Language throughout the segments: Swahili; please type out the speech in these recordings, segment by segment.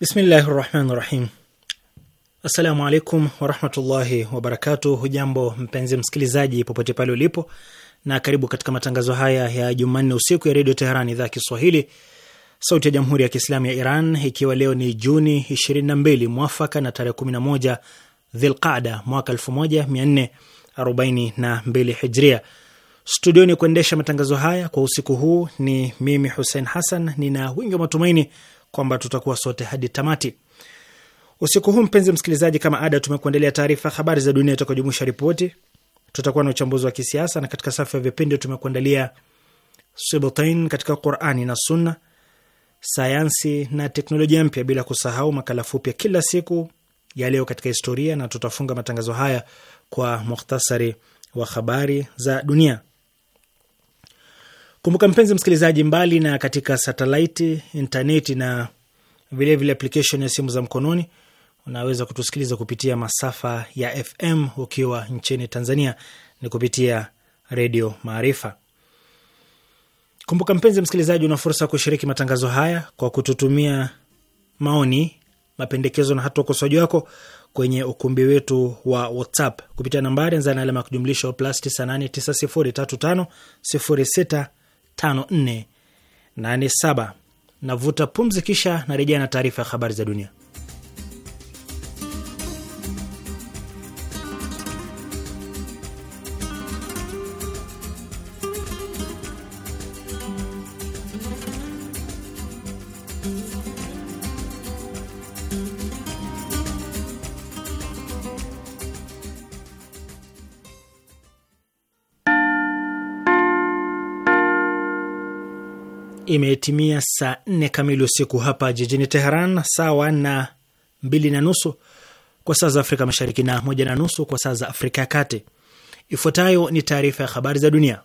Bismillahi rahmani rahim. Assalamu alaikum warahmatullahi wabarakatuh. Hujambo mpenzi msikilizaji, popote pale ulipo, na karibu katika matangazo haya ya Jumanne usiku ya redio Teheran, idhaa ya Kiswahili, sauti ya jamhuri ya kiislamu ya Iran, ikiwa leo ni Juni 22 mwafaka na tarehe 11 Dhilqada mwaka 1442 Hijria. Studioni kuendesha matangazo haya kwa usiku huu ni mimi Hussein Hassan. Nina wingi wa matumaini kwamba tutakuwa sote hadi tamati usiku huu. Mpenzi msikilizaji, kama ada, tumekuandalia taarifa habari za dunia itakayojumuisha ripoti, tutakuwa na uchambuzi wa kisiasa, na katika safu ya vipindi tumekuandalia Sibtain katika Qurani na Sunna, sayansi na teknolojia mpya, bila kusahau makala fupi ya kila siku ya leo katika historia, na tutafunga matangazo haya kwa mukhtasari wa habari za dunia. Kumbuka mpenzi msikilizaji, mbali na katika satelaiti, intaneti na vilevile application ya simu za mkononi, unaweza kutusikiliza kupitia masafa ya FM ukiwa nchini Tanzania ni kupitia Redio Maarifa. Kumbuka mpenzi msikilizaji, una fursa ya kushiriki matangazo haya kwa kututumia maoni, mapendekezo na hata ukosoaji wako kwenye ukumbi wetu wa WhatsApp kupitia nambari nzana alama ya kujumlisha plus 98903506 5487. Navuta pumzi, kisha narejea na taarifa ya habari za dunia. imetimia saa nne kamili usiku hapa jijini Teheran, sawa na mbili na nusu kwa saa za Afrika Mashariki na moja na nusu kwa saa za Afrika ya Kati. Ifuatayo ni taarifa ya habari za dunia,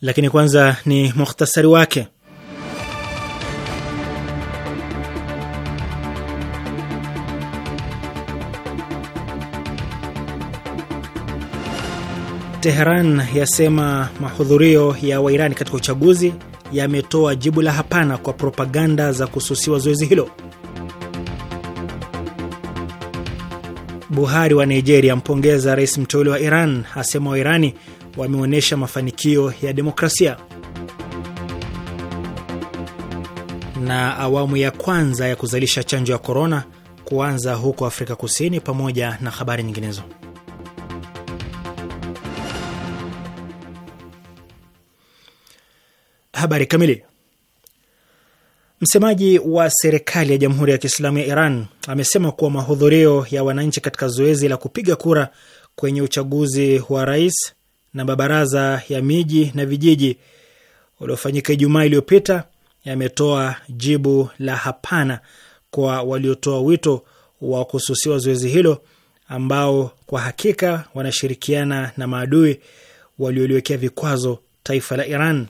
lakini kwanza ni mukhtasari wake. Teheran yasema mahudhurio ya Wairani katika uchaguzi yametoa jibu la hapana kwa propaganda za kususiwa zoezi hilo. Buhari wa Nigeria mpongeza rais mteule wa Iran, asema Wairani wameonyesha mafanikio ya demokrasia. Na awamu ya kwanza ya kuzalisha chanjo ya korona kuanza huko Afrika Kusini, pamoja na habari nyinginezo. Habari kamili. Msemaji wa serikali ya Jamhuri ya Kiislamu ya Iran amesema kuwa mahudhurio ya wananchi katika zoezi la kupiga kura kwenye uchaguzi wa rais na mabaraza ya miji na vijiji uliofanyika Ijumaa iliyopita yametoa jibu la hapana kwa waliotoa wito wa kususiwa zoezi hilo ambao kwa hakika wanashirikiana na maadui walioliwekea vikwazo taifa la Iran.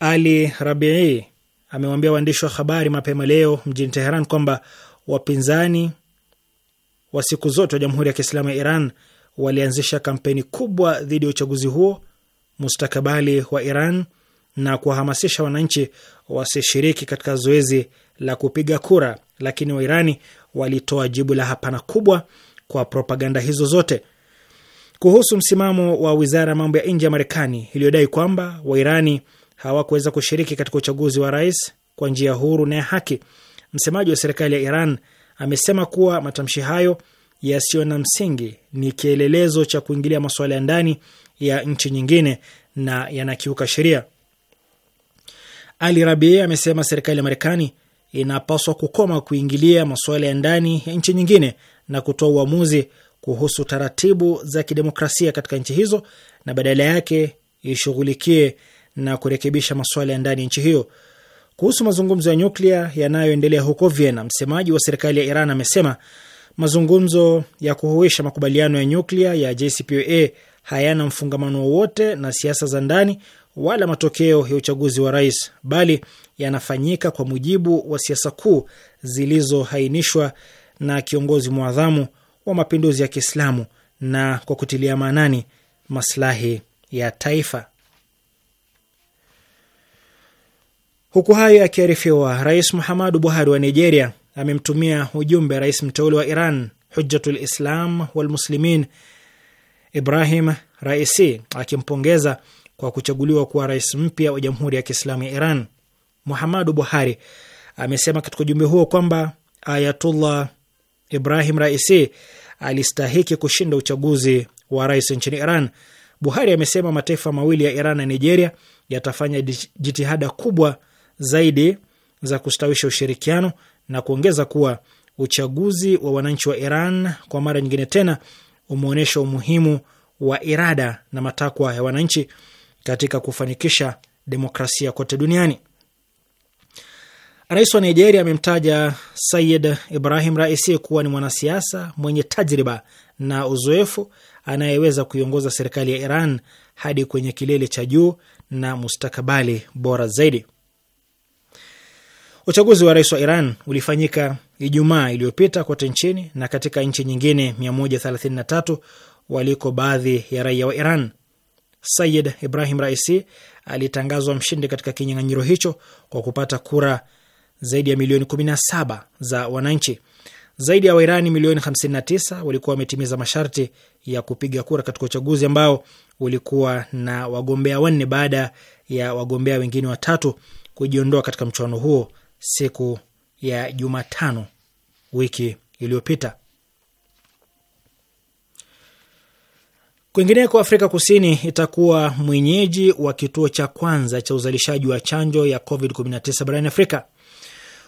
Ali Rabii amewambia waandishi wa habari mapema leo mjini Teheran kwamba wapinzani wa siku zote wa Jamhuri ya Kiislamu ya Iran walianzisha kampeni kubwa dhidi ya uchaguzi huo mustakabali wa Iran na kuwahamasisha wananchi wasishiriki katika zoezi la kupiga kura, lakini Wairani walitoa jibu la hapana kubwa kwa propaganda hizo zote. Kuhusu msimamo wa wizara ya mambo ya nje ya Marekani iliyodai kwamba Wairani hawakuweza kushiriki katika uchaguzi wa rais kwa njia huru na ya haki. Msemaji wa serikali ya Iran amesema kuwa matamshi hayo yasiyo na msingi ni kielelezo cha kuingilia masuala ya ndani ya nchi nyingine na yanakiuka sheria. Ali Rabii amesema serikali ya Marekani inapaswa kukoma kuingilia masuala ya ndani ya nchi nyingine na kutoa uamuzi kuhusu taratibu za kidemokrasia katika nchi hizo na badala yake ishughulikie na kurekebisha masuala ya ndani ya nchi hiyo. Kuhusu mazungumzo ya nyuklia yanayoendelea huko Vienna, msemaji wa serikali ya Iran amesema mazungumzo ya kuhuisha makubaliano ya nyuklia ya JCPOA hayana mfungamano wowote na siasa za ndani wala matokeo ya uchaguzi wa rais, bali yanafanyika kwa mujibu wa siasa kuu zilizohainishwa na kiongozi mwadhamu wa mapinduzi ya Kiislamu na kwa kutilia maanani maslahi ya taifa. Huku hayo yakiarifiwa, Rais muhamadu Buhari wa Nigeria amemtumia ujumbe rais mteule wa Iran Hujjatul Islam Walmuslimin Ibrahim Raisi akimpongeza kwa kuchaguliwa kuwa rais mpya wa Jamhuri ya Kiislamu ya Iran. muhamadu Buhari amesema katika ujumbe huo kwamba Ayatullah Ibrahim Raisi alistahiki kushinda uchaguzi wa rais nchini Iran. Buhari amesema mataifa mawili ya Iran na Nigeria yatafanya jitihada kubwa zaidi za kustawisha ushirikiano na kuongeza kuwa uchaguzi wa wananchi wa Iran kwa mara nyingine tena umeonyesha umuhimu wa irada na matakwa ya wananchi katika kufanikisha demokrasia kote duniani. Rais wa Nigeria amemtaja Sayid Ibrahim Raisi kuwa ni mwanasiasa mwenye tajriba na uzoefu anayeweza kuiongoza serikali ya Iran hadi kwenye kilele cha juu na mustakabali bora zaidi. Uchaguzi wa rais wa Iran ulifanyika Ijumaa iliyopita kote nchini na katika nchi nyingine 133 waliko baadhi ya raia wa Iran. Sayid Ibrahim Raisi alitangazwa mshindi katika kinyang'anyiro hicho kwa kupata kura zaidi ya milioni 17 za wananchi. Zaidi ya Wairani milioni 59 walikuwa wametimiza masharti ya kupiga kura katika uchaguzi ambao ulikuwa na wagombea wanne baada ya wagombea wengine watatu kujiondoa katika mchuano huo siku ya Jumatano wiki iliyopita. Kwingineko, Afrika Kusini itakuwa mwenyeji wa kituo cha kwanza cha uzalishaji wa chanjo ya COVID-19 barani Afrika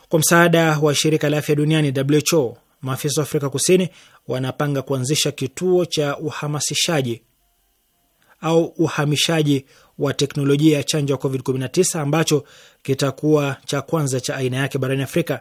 kwa msaada wa shirika la afya duniani WHO. Maafisa wa Afrika Kusini wanapanga kuanzisha kituo cha uhamasishaji au uhamishaji wa teknolojia ya chanjo ya COVID-19 ambacho kitakuwa cha kwanza cha aina yake barani Afrika.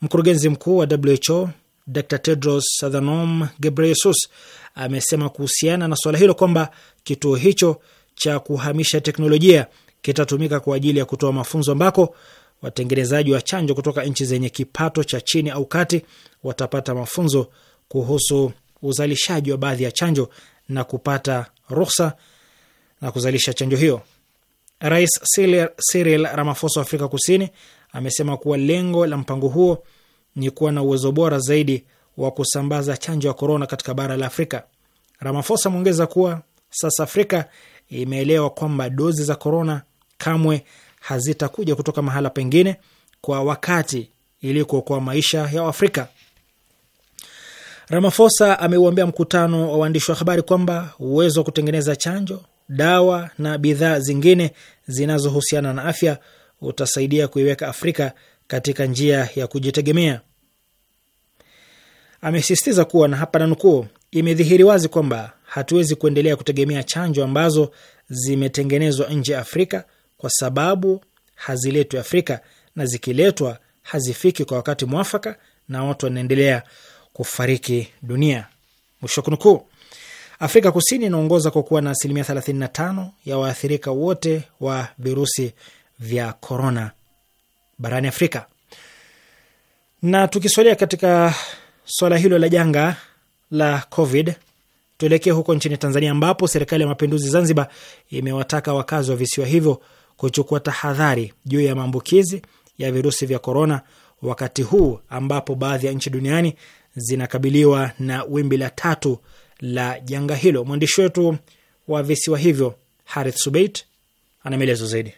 Mkurugenzi mkuu wa WHO Dr Tedros Adhanom Ghebreyesus amesema kuhusiana na suala hilo kwamba kituo hicho cha kuhamisha teknolojia kitatumika kwa ajili ya kutoa mafunzo ambako watengenezaji wa chanjo kutoka nchi zenye kipato cha chini au kati watapata mafunzo kuhusu uzalishaji wa baadhi ya chanjo na kupata ruhusa na kuzalisha chanjo hiyo. Rais Cyril Ramaphosa wa Afrika Kusini amesema kuwa lengo la mpango huo ni kuwa na uwezo bora zaidi wa kusambaza chanjo ya korona katika bara la Afrika. Ramaphosa ameongeza kuwa sasa Afrika imeelewa kwamba dozi za korona kamwe hazitakuja kutoka mahala pengine kwa wakati ili kuokoa maisha ya Afrika. Ramaphosa ameuambia mkutano wa waandishi wa habari kwamba uwezo wa kutengeneza chanjo, dawa na bidhaa zingine zinazohusiana na afya utasaidia kuiweka Afrika katika njia ya kujitegemea. Amesisitiza kuwa na hapa nanukuu, imedhihiri wazi kwamba hatuwezi kuendelea kutegemea chanjo ambazo zimetengenezwa nje ya Afrika kwa sababu haziletwi Afrika na zikiletwa hazifiki kwa wakati mwafaka na watu wanaendelea kufariki dunia. Mwisho kunukuu. Afrika Kusini inaongoza kwa kuwa na asilimia 35 ya waathirika wote wa virusi vya korona barani Afrika. Na tukisalia katika swala hilo la janga la COVID, tuelekee huko nchini Tanzania, ambapo serikali ya mapinduzi Zanzibar imewataka wakazi wa visiwa hivyo kuchukua tahadhari juu ya maambukizi ya virusi vya korona, wakati huu ambapo baadhi ya nchi duniani zinakabiliwa na wimbi la tatu la janga hilo. Mwandishi wetu wa visiwa hivyo Harith Subeit ana maelezo zaidi.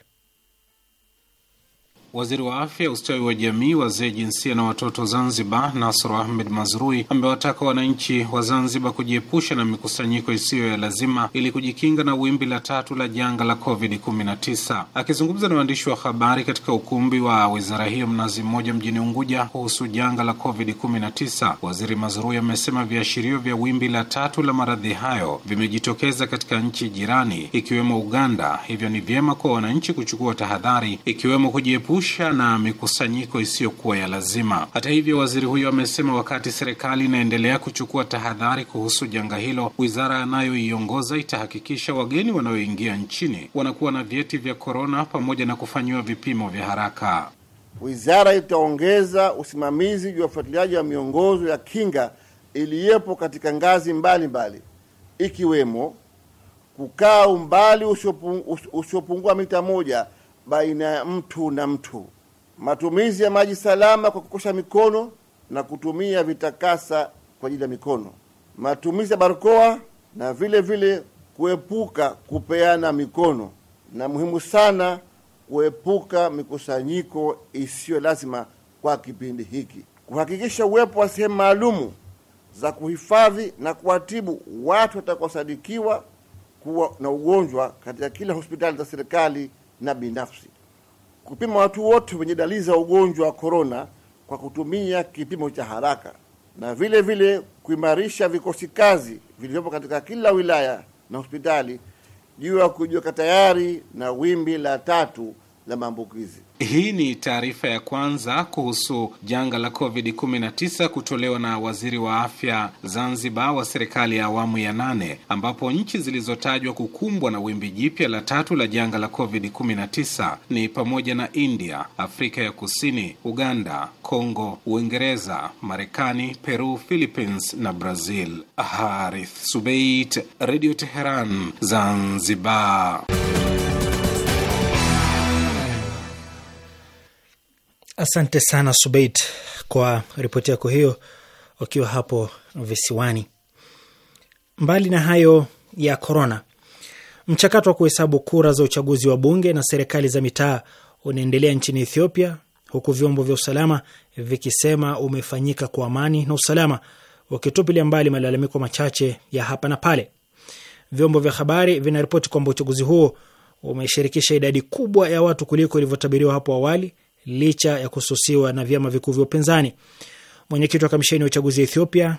Waziri wa Afya, Ustawi wa Jamii, Wazee, Jinsia na Watoto Zanzibar, Nasr Ahmed Mazrui, amewataka wananchi wa Zanzibar kujiepusha na mikusanyiko isiyo ya lazima ili kujikinga na wimbi la tatu la janga la COVID-19. Akizungumza na waandishi wa habari katika ukumbi wa wizara hiyo Mnazi Mmoja mjini Unguja kuhusu janga la COVID-19, Waziri Mazrui amesema viashirio vya wimbi la tatu la maradhi hayo vimejitokeza katika nchi jirani ikiwemo Uganda, hivyo ni vyema kwa wananchi kuchukua tahadhari ikiwemo kujiepusha kujiepusha na mikusanyiko isiyokuwa ya lazima. Hata hivyo, waziri huyo amesema wakati serikali inaendelea kuchukua tahadhari kuhusu janga hilo, wizara anayoiongoza itahakikisha wageni wanaoingia nchini wanakuwa na vyeti vya korona pamoja na kufanyiwa vipimo vya haraka. Wizara itaongeza usimamizi juu ya ufuatiliaji wa miongozo ya kinga iliyopo katika ngazi mbalimbali mbali, ikiwemo kukaa umbali usiopungua mita moja baina ya mtu na mtu, matumizi ya maji salama kwa kukosha mikono na kutumia vitakasa kwa ajili ya mikono, matumizi ya barakoa na vile vile kuepuka kupeana mikono, na muhimu sana kuepuka mikusanyiko isiyo lazima kwa kipindi hiki, kuhakikisha uwepo wa sehemu maalumu za kuhifadhi na kuwatibu watu watakaosadikiwa kuwa na ugonjwa katika kila hospitali za serikali na binafsi. Kupima watu wote wenye dalili za ugonjwa wa korona kwa kutumia kipimo cha haraka, na vile vile kuimarisha vikosi kazi vilivyopo katika kila wilaya na hospitali juu ya kujiweka tayari na wimbi la tatu la maambukizi. Hii ni taarifa ya kwanza kuhusu janga la COVID-19 kutolewa na waziri wa afya Zanzibar wa serikali ya awamu ya nane, ambapo nchi zilizotajwa kukumbwa na wimbi jipya la tatu la janga la COVID-19 ni pamoja na India, Afrika ya Kusini, Uganda, Kongo, Uingereza, Marekani, Peru, Philippines na Brazil. Harith Subeit, Radio Teheran, Zanzibar. Asante sana Subait kwa ripoti yako hiyo, ukiwa hapo visiwani. Mbali na hayo ya korona, mchakato wa kuhesabu kura za uchaguzi wa bunge na serikali za mitaa unaendelea nchini Ethiopia, huku vyombo vya usalama vikisema umefanyika kwa amani na usalama, wakitupilia mbali malalamiko machache ya hapa na pale. Vyombo vya habari vinaripoti kwamba uchaguzi huo umeshirikisha idadi kubwa ya watu kuliko ilivyotabiriwa hapo awali licha ya kususiwa na vyama vikuu vya upinzani. Mwenyekiti wa kamisheni ya uchaguzi ya Ethiopia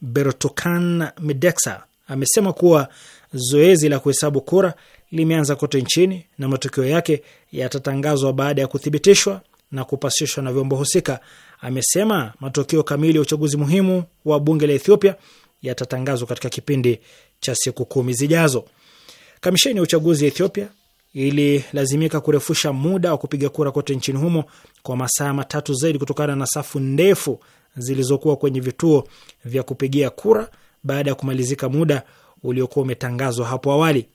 Bertokan Medeksa, amesema kuwa zoezi la kuhesabu kura limeanza kote nchini na matokeo yake yatatangazwa baada ya kuthibitishwa na kupasishwa na vyombo husika. Amesema matokeo kamili ya uchaguzi muhimu wa bunge la Ethiopia yatatangazwa katika kipindi cha siku kumi zijazo. Kamisheni ya uchaguzi ya Ethiopia ililazimika kurefusha muda wa kupiga kura kote nchini humo kwa masaa matatu zaidi kutokana na safu ndefu zilizokuwa kwenye vituo vya kupigia kura baada ya kumalizika muda uliokuwa umetangazwa hapo awali.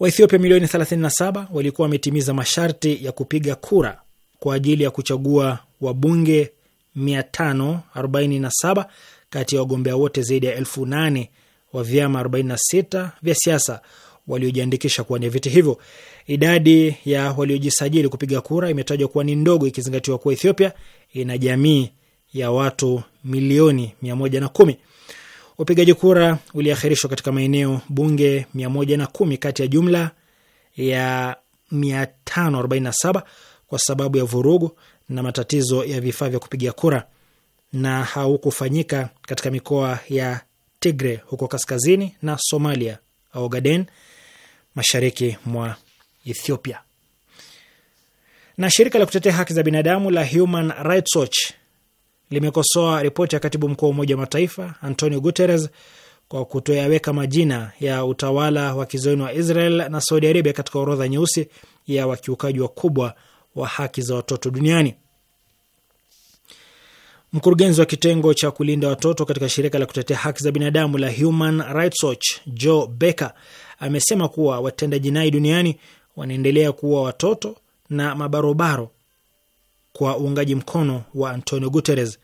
Waethiopia milioni 37 walikuwa wametimiza masharti ya kupiga kura kwa ajili ya kuchagua wabunge 547 kati ya wagombea wote zaidi ya elfu nane wa vyama 46 vya siasa waliojiandikisha kuwania viti hivyo. Idadi ya waliojisajili kupiga kura imetajwa kuwa ni ndogo, ikizingatiwa kuwa Ethiopia ina jamii ya watu milioni mia moja na kumi. Upigaji kura uliahirishwa katika maeneo bunge mia moja na kumi kati ya jumla ya 547 kwa sababu ya vurugu na matatizo ya vifaa vya kupigia kura na haukufanyika katika mikoa ya Tigre huko kaskazini na Somalia, Ogaden mashariki mwa Ethiopia. Na shirika la kutetea haki za binadamu la Human Rights Watch limekosoa ripoti ya katibu mkuu wa Umoja wa Mataifa Antonio Guterres kwa kutoyaweka majina ya utawala wa kizayuni wa Israel na Saudi Arabia katika orodha nyeusi ya wakiukaji wakubwa wa haki za watoto duniani. Mkurugenzi wa kitengo cha kulinda watoto katika shirika la kutetea haki za binadamu la Human Rights Watch Joe Becker amesema kuwa watenda jinai duniani wanaendelea kuwa watoto na mabarobaro kwa uungaji mkono wa Antonio Guterres.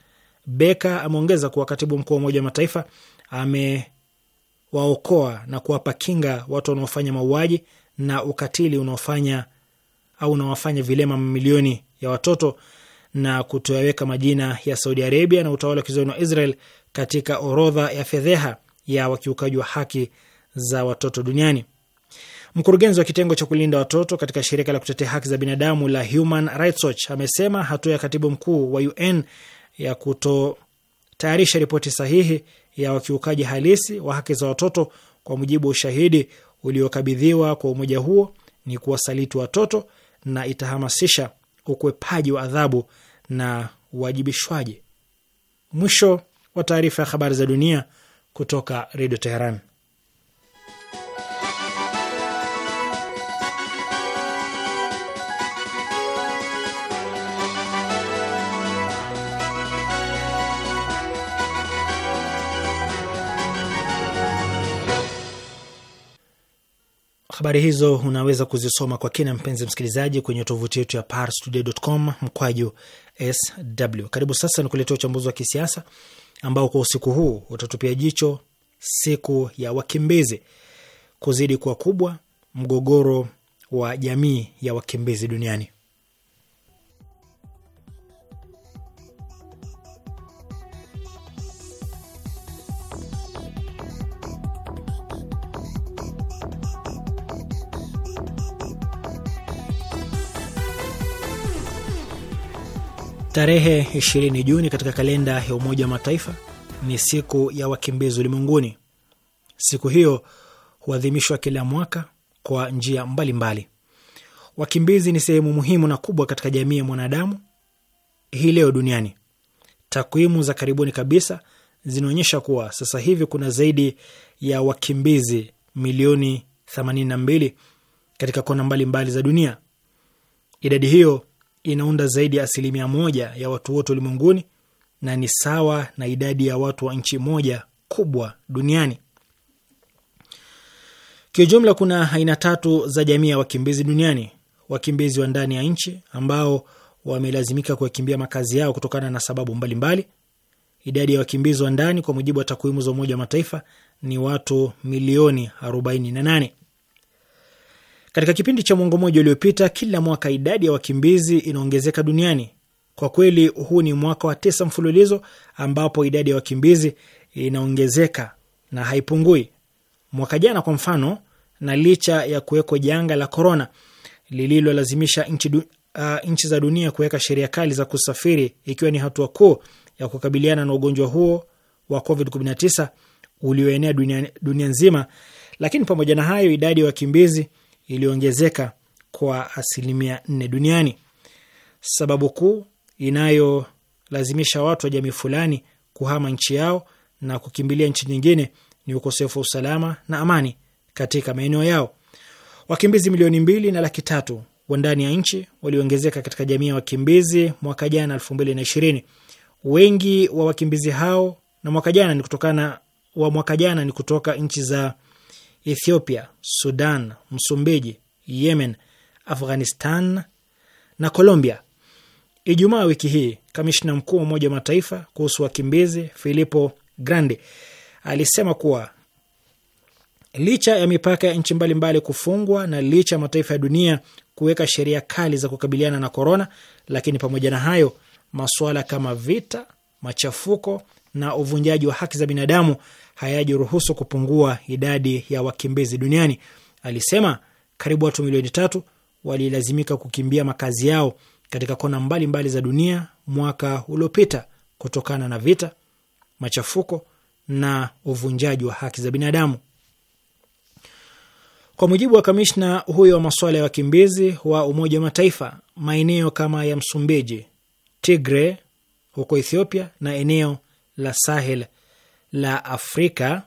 Beka ameongeza kuwa katibu mkuu wa Umoja wa Mataifa amewaokoa na kuwapa kinga watu wanaofanya mauaji na ukatili unaofanya au unawafanya vilema mamilioni ya watoto na kutoyaweka majina ya Saudi Arabia na utawala wa kizayuni wa Israel katika orodha ya fedheha ya wakiukaji wa haki za watoto duniani. Mkurugenzi wa kitengo cha kulinda watoto katika shirika la kutetea haki za binadamu la Human Rights Watch amesema hatua ya katibu mkuu wa UN ya kutotayarisha ripoti sahihi ya wakiukaji halisi wa haki za watoto kwa mujibu wa ushahidi uliokabidhiwa kwa umoja huo ni kuwasaliti watoto na itahamasisha ukwepaji wa adhabu na uwajibishwaji. Mwisho wa taarifa ya habari za dunia kutoka Redio Teheran. Habari hizo unaweza kuzisoma kwa kina, mpenzi msikilizaji, kwenye tovuti yetu ya parstoday.com mkwaju sw. Karibu sasa ni kuletea uchambuzi wa kisiasa ambao kwa usiku huu utatupia jicho siku ya wakimbizi kuzidi kuwa kubwa, mgogoro wa jamii ya wakimbizi duniani. Tarehe 20 Juni katika kalenda ya Umoja wa Mataifa ni siku ya wakimbizi ulimwenguni. Siku hiyo huadhimishwa kila mwaka kwa njia mbalimbali. Wakimbizi ni sehemu muhimu na kubwa katika jamii ya mwanadamu hii leo duniani. Takwimu za karibuni kabisa zinaonyesha kuwa sasa hivi kuna zaidi ya wakimbizi milioni 82 katika kona mbalimbali mbali za dunia. Idadi hiyo inaunda zaidi ya asilimia moja ya watu wote ulimwenguni na ni sawa na idadi ya watu wa nchi moja kubwa duniani. Kiujumla, kuna aina tatu za jamii ya wakimbizi duniani: wakimbizi wa ndani ya nchi ambao wamelazimika kuyakimbia makazi yao kutokana na sababu mbalimbali mbali. Idadi ya wakimbizi wa ndani kwa mujibu wa takwimu za Umoja wa Mataifa ni watu milioni nane katika kipindi cha mwongo mmoja uliopita, kila mwaka idadi ya wakimbizi inaongezeka duniani. Kwa kweli, huu ni mwaka wa tisa mfululizo ambapo idadi ya wakimbizi inaongezeka na haipungui. Mwaka jana kwa mfano, na licha ya kuwekwa janga la korona lililolazimisha nchi du, uh, nchi za dunia kuweka sheria kali za kusafiri ikiwa ni hatua kuu ya kukabiliana na ugonjwa huo wa COVID-19 ulioenea dunia, dunia nzima, lakini pamoja na hayo idadi ya wakimbizi iliyoongezeka kwa asilimia nne duniani. Sababu kuu inayolazimisha watu wa jamii fulani kuhama nchi yao na kukimbilia nchi nyingine ni ukosefu wa usalama na amani katika maeneo yao. Wakimbizi milioni mbili na laki tatu wa ndani ya nchi waliongezeka katika jamii ya wakimbizi mwaka jana elfu mbili na ishirini. Wengi wa wakimbizi hao na mwaka jana ni kutokana wa mwaka jana ni kutoka nchi za Ethiopia, Sudan, Msumbiji, Yemen, Afghanistan na Colombia. Ijumaa wiki hii, kamishna mkuu wa Umoja wa Mataifa kuhusu wakimbizi Filippo Grandi alisema kuwa licha ya mipaka ya nchi mbalimbali kufungwa na licha ya mataifa ya dunia kuweka sheria kali za kukabiliana na korona, lakini pamoja na hayo masuala kama vita, machafuko na uvunjaji wa haki za binadamu hayajiruhusu kupungua idadi ya wakimbizi duniani. Alisema karibu watu milioni tatu walilazimika kukimbia makazi yao katika kona mbalimbali mbali za dunia mwaka uliopita kutokana na vita, machafuko na uvunjaji wa haki za binadamu. Kwa mujibu wa kamishna huyo wa masuala ya wakimbizi wa Umoja wa Mataifa, maeneo kama ya Msumbiji, Tigre huko Ethiopia na eneo la Sahel la Afrika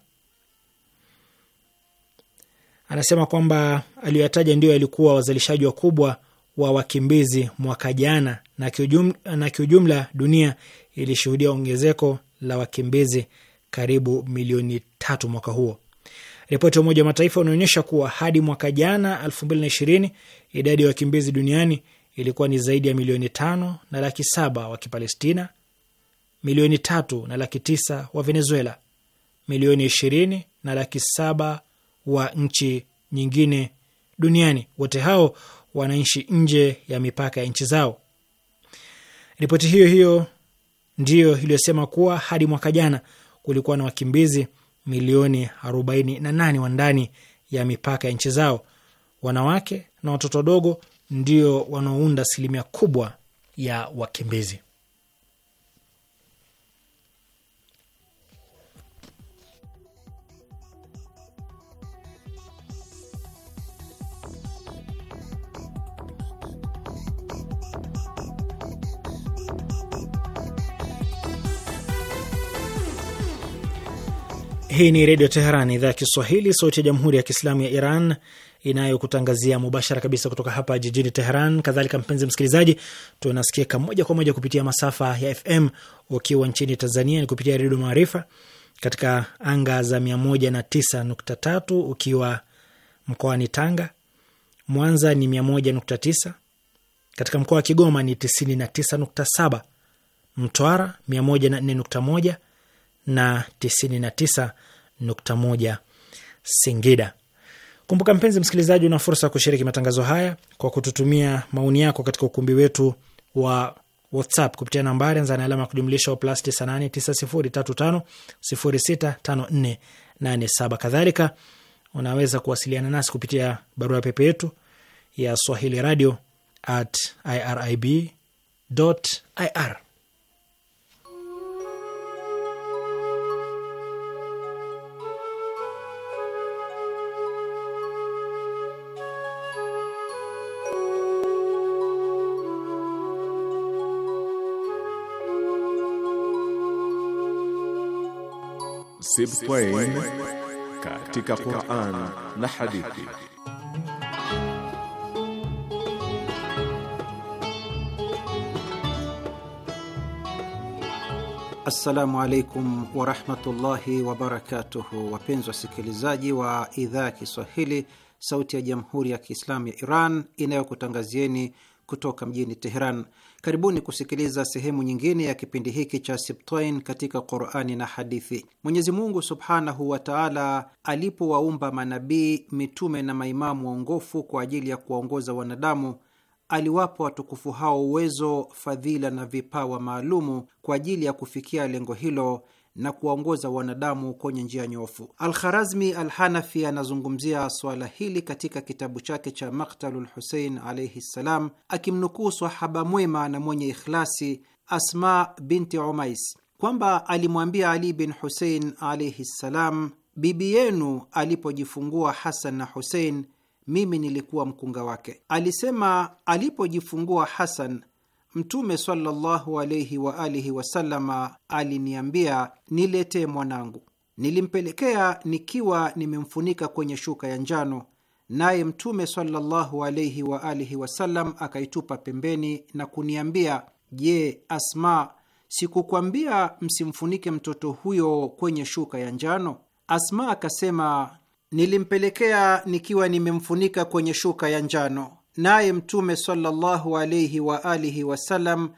anasema kwamba aliyoyataja ndio yalikuwa wazalishaji wakubwa wa wakimbizi mwaka jana, na kiujumla, na kiujumla dunia ilishuhudia ongezeko la wakimbizi karibu milioni tatu mwaka huo. Ripoti ya Umoja wa Mataifa unaonyesha kuwa hadi mwaka jana 2020 idadi ya wakimbizi duniani ilikuwa ni zaidi ya milioni tano na laki saba wa Kipalestina milioni tatu na laki tisa wa Venezuela, milioni ishirini na laki saba wa nchi nyingine duniani. Wote hao wanaishi nje ya mipaka ya nchi zao. Ripoti hiyo hiyo ndiyo iliyosema kuwa hadi mwaka jana kulikuwa na wakimbizi milioni 48 wa ndani ya mipaka ya nchi zao. Wanawake na watoto wadogo ndio wanaounda asilimia kubwa ya wakimbizi. Hii ni Redio Teheran, idhaa ya Kiswahili, sauti ya Jamhuri ya Kiislamu ya Iran inayokutangazia mubashara kabisa kutoka hapa jijini Teheran. Kadhalika mpenzi msikilizaji, tunasikika moja kwa moja kupitia masafa ya FM. Ukiwa nchini Tanzania ni kupitia Redio Maarifa katika anga za 109.3, ukiwa mkoani Tanga. Mwanza ni 101.9, katika mkoa wa Kigoma ni 99.7, Mtwara 104.1 na nukta moja Singida. Kumbuka mpenzi msikilizaji, una fursa ya kushiriki matangazo haya kwa kututumia maoni yako katika ukumbi wetu wa WhatsApp kupitia nambari anza na alama ya kujumlisha plus 989035065487. Kadhalika unaweza kuwasiliana nasi kupitia barua pepe yetu ya swahili radio at irib ir. Sibtain katika Qur'an na hadithi. Assalamu alaikum warahmatullahi wabarakatuhu, wapenzi wasikilizaji wa idhaa ya Kiswahili, sauti ya jamhuri ya kiislamu ya Iran inayokutangazieni kutoka mjini Teheran. Karibuni kusikiliza sehemu nyingine ya kipindi hiki cha Sibtain katika Qurani na Hadithi. Mwenyezi Mungu subhanahu wa taala alipowaumba manabii, mitume na maimamu waongofu kwa ajili ya kuwaongoza wanadamu aliwapa watukufu hao uwezo, fadhila na vipawa maalumu kwa ajili ya kufikia lengo hilo na kuwaongoza wanadamu kwenye njia nyofu. Alkharazmi Alhanafi anazungumzia swala hili katika kitabu chake cha Maktalu Lhusein alaihi ssalam, akimnukuu swahaba mwema na mwenye ikhlasi Asma binti Umais kwamba alimwambia Ali bin Husein alaihi ssalam, bibi yenu alipojifungua Hasan na Husein, mimi nilikuwa mkunga wake. Alisema, alipojifungua Hasan Mtume sallallahu aliniambia, niletee mwanangu. Nilimpelekea nikiwa nimemfunika kwenye shuka ya njano, naye Mtume sallallahu akaitupa pembeni na kuniambia, je, Asma, sikukwambia msimfunike mtoto huyo kwenye shuka ya njano? Asma akasema, nilimpelekea nikiwa nimemfunika kwenye shuka ya njano naye Mtume sallallahu alaihi wa alihi wasallam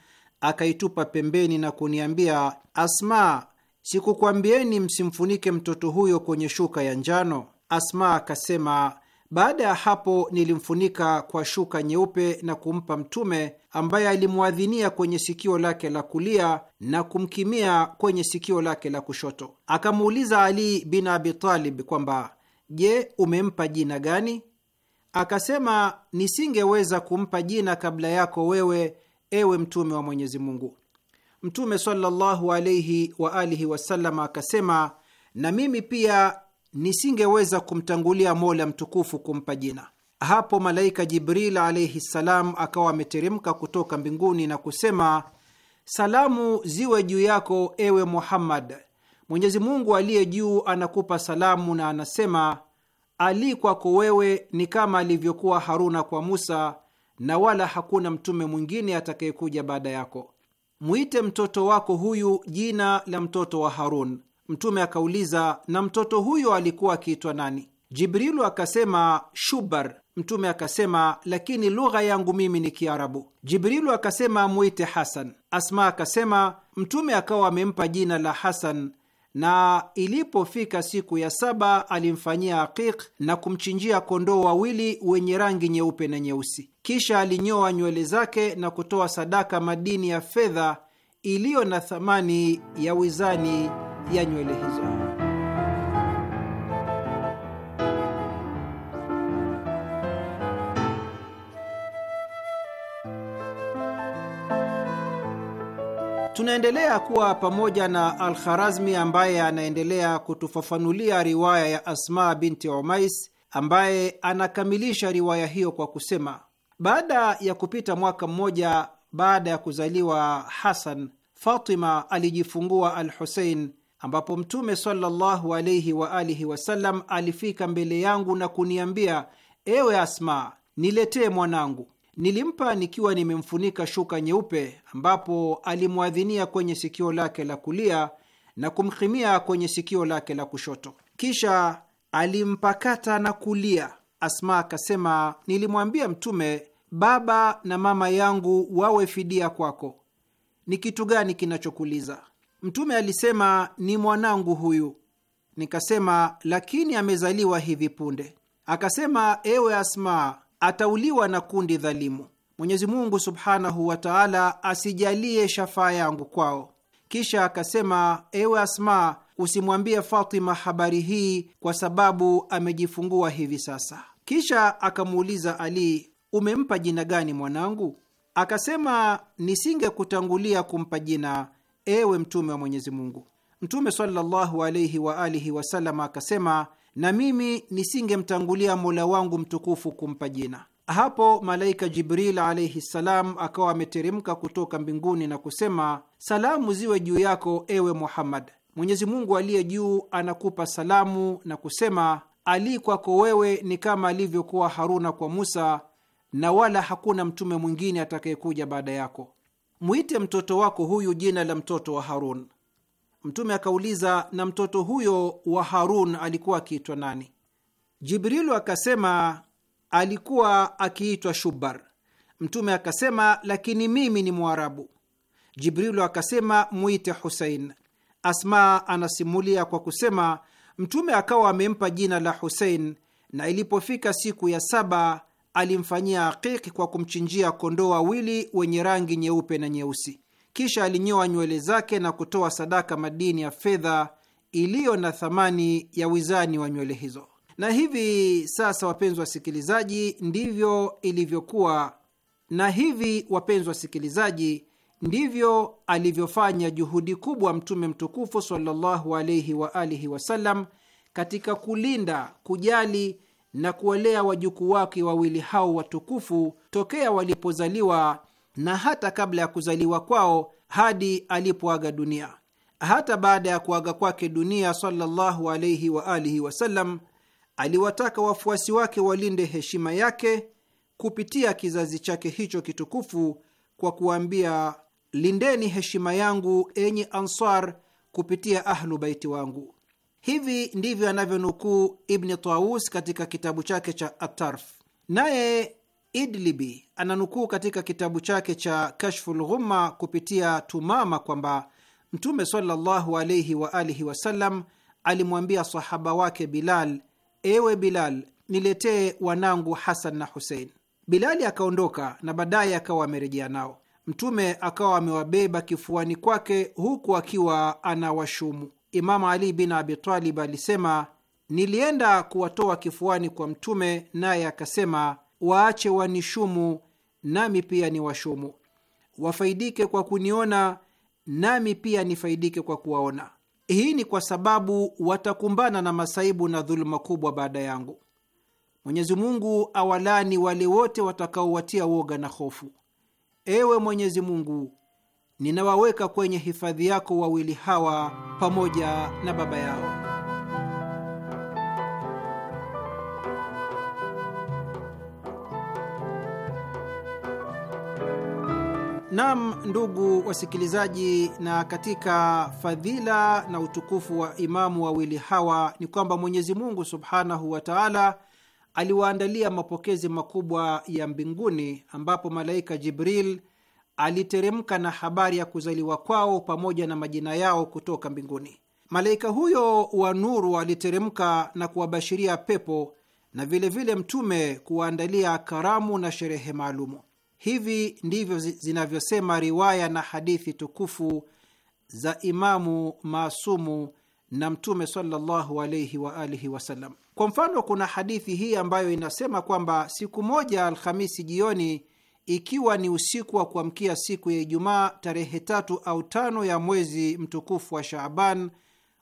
akaitupa pembeni na kuniambia, Asma, sikukwambieni msimfunike mtoto huyo kwenye shuka ya njano? Asma akasema, baada ya hapo nilimfunika kwa shuka nyeupe na kumpa Mtume, ambaye alimwadhinia kwenye sikio lake la kulia na kumkimia kwenye sikio lake la kushoto. Akamuuliza Ali bin Abi Talib kwamba je, umempa jina gani? akasema, nisingeweza kumpa jina kabla yako wewe, ewe mtume wa Mwenyezi Mungu. Mtume sallallahu alaihi wa alihi wasallam akasema, na mimi pia nisingeweza kumtangulia Mola mtukufu kumpa jina. Hapo malaika Jibril alaihi ssalam akawa ameteremka kutoka mbinguni na kusema, salamu ziwe juu yako ewe Muhammad, Mwenyezi Mungu aliye juu anakupa salamu na anasema ali kwako wewe ni kama alivyokuwa Haruna kwa Musa, na wala hakuna mtume mwingine atakayekuja baada yako. Mwite mtoto wako huyu jina la mtoto wa Harun. Mtume akauliza, na mtoto huyo alikuwa akiitwa nani? Jibrilu akasema Shubar. Mtume akasema, lakini lugha yangu mimi ni Kiarabu. Jibrilu akasema, mwite Hasan. Asma akasema, mtume akawa amempa jina la Hasan na ilipofika siku ya saba alimfanyia akik na kumchinjia kondoo wawili wenye rangi nyeupe na nyeusi. Kisha alinyoa nywele zake na kutoa sadaka madini ya fedha iliyo na thamani ya wizani ya nywele hizo. Tunaendelea kuwa pamoja na Alkharazmi ambaye anaendelea kutufafanulia riwaya ya Asma binti Umais ambaye anakamilisha riwaya hiyo kwa kusema, baada ya kupita mwaka mmoja baada ya kuzaliwa Hasan, Fatima alijifungua al Husein, ambapo Mtume sallallahu alaihi wa alihi wasallam alifika mbele yangu na kuniambia, ewe Asma, niletee mwanangu. Nilimpa nikiwa nimemfunika shuka nyeupe, ambapo alimwadhinia kwenye sikio lake la kulia na kumhimia kwenye sikio lake la kushoto, kisha alimpakata na kulia. Asma akasema, nilimwambia Mtume, baba na mama yangu wawe fidia kwako, ni kitu gani kinachokuliza? Mtume alisema, ni mwanangu huyu. Nikasema, lakini amezaliwa hivi punde. Akasema, ewe Asma, atauliwa na kundi dhalimu. Mwenyezi Mungu subhanahu wa taala asijalie shafaa yangu kwao. Kisha akasema, ewe Asma, usimwambie Fatima habari hii kwa sababu amejifungua hivi sasa. Kisha akamuuliza Ali, umempa jina gani mwanangu? Akasema, nisingekutangulia kumpa jina, ewe Mtume wa Mwenyezi Mungu. Mtume sallallahu alaihi wasallam akasema na mimi nisingemtangulia Mola wangu mtukufu kumpa jina. Hapo malaika Jibril alaihi ssalam akawa ameteremka kutoka mbinguni na kusema, salamu ziwe juu yako ewe Muhammad, Mwenyezi Mungu aliye juu anakupa salamu na kusema, Ali kwako wewe ni kama alivyokuwa Haruna kwa Musa, na wala hakuna mtume mwingine atakayekuja baada yako. Mwite mtoto wako huyu jina la mtoto wa Harun. Mtume akauliza, na mtoto huyo wa Harun alikuwa akiitwa nani? Jibrilu akasema, alikuwa akiitwa Shubar. Mtume akasema, lakini mimi ni Mwarabu. Jibrilu akasema, mwite Husein. Asma anasimulia kwa kusema, Mtume akawa amempa jina la Husein, na ilipofika siku ya saba alimfanyia aqiqi kwa kumchinjia kondoo wawili wenye rangi nyeupe na nyeusi. Kisha alinyoa nywele zake na kutoa sadaka madini ya fedha iliyo na thamani ya wizani wa nywele hizo. Na hivi sasa, wapenzi wasikilizaji, ndivyo ilivyokuwa, na hivi wapenzi wasikilizaji, ndivyo alivyofanya juhudi kubwa Mtume mtukufu sallallahu alaihi wa alihi wasallam katika kulinda, kujali na kuwalea wajukuu wake wawili hao watukufu tokea walipozaliwa na hata kabla ya kuzaliwa kwao hadi alipoaga dunia. Hata baada ya kuaga kwake dunia sallallahu wa alihi wasallam, aliwataka wafuasi wake walinde heshima yake kupitia kizazi chake hicho kitukufu kwa kuwambia lindeni heshima yangu enyi Ansar kupitia Ahlu Baiti wangu. Hivi ndivyo anavyonukuu Ibni Taus katika kitabu chake cha Atarf. Naye Idlibi ananukuu katika kitabu chake cha Kashful Ghumma kupitia Tumama kwamba Mtume sallallahu alaihi wa alihi wasallam alimwambia sahaba wake Bilal, ewe Bilal, niletee wanangu Hasan na Husein. Bilali akaondoka na baadaye akawa amerejea nao. Mtume akawa amewabeba kifuani kwake huku akiwa anawashumu. Imamu Ali bin Abitalib alisema, nilienda kuwatoa kifuani kwa Mtume, naye akasema waache wanishumu, nami pia ni washumu. Wafaidike kwa kuniona, nami pia nifaidike kwa kuwaona. Hii ni kwa sababu watakumbana na masaibu na dhuluma kubwa baada yangu. Mwenyezi Mungu awalani wale wote watakaowatia woga na hofu. Ewe Mwenyezi Mungu, ninawaweka kwenye hifadhi yako wawili hawa pamoja na baba yao. Naam, ndugu wasikilizaji, na katika fadhila na utukufu wa imamu wawili hawa ni kwamba Mwenyezi Mungu subhanahu wa taala aliwaandalia mapokezi makubwa ya mbinguni, ambapo malaika Jibril aliteremka na habari ya kuzaliwa kwao pamoja na majina yao kutoka mbinguni. Malaika huyo wa nuru aliteremka na kuwabashiria pepo na vilevile vile mtume kuwaandalia karamu na sherehe maalumu. Hivi ndivyo zinavyosema riwaya na hadithi tukufu za Imamu Masumu na Mtume sallallahu wa alihi wasallam. Kwa mfano, kuna hadithi hii ambayo inasema kwamba siku moja Alhamisi jioni, ikiwa ni usiku wa kuamkia siku ya Ijumaa tarehe tatu au tano ya mwezi mtukufu wa Shaaban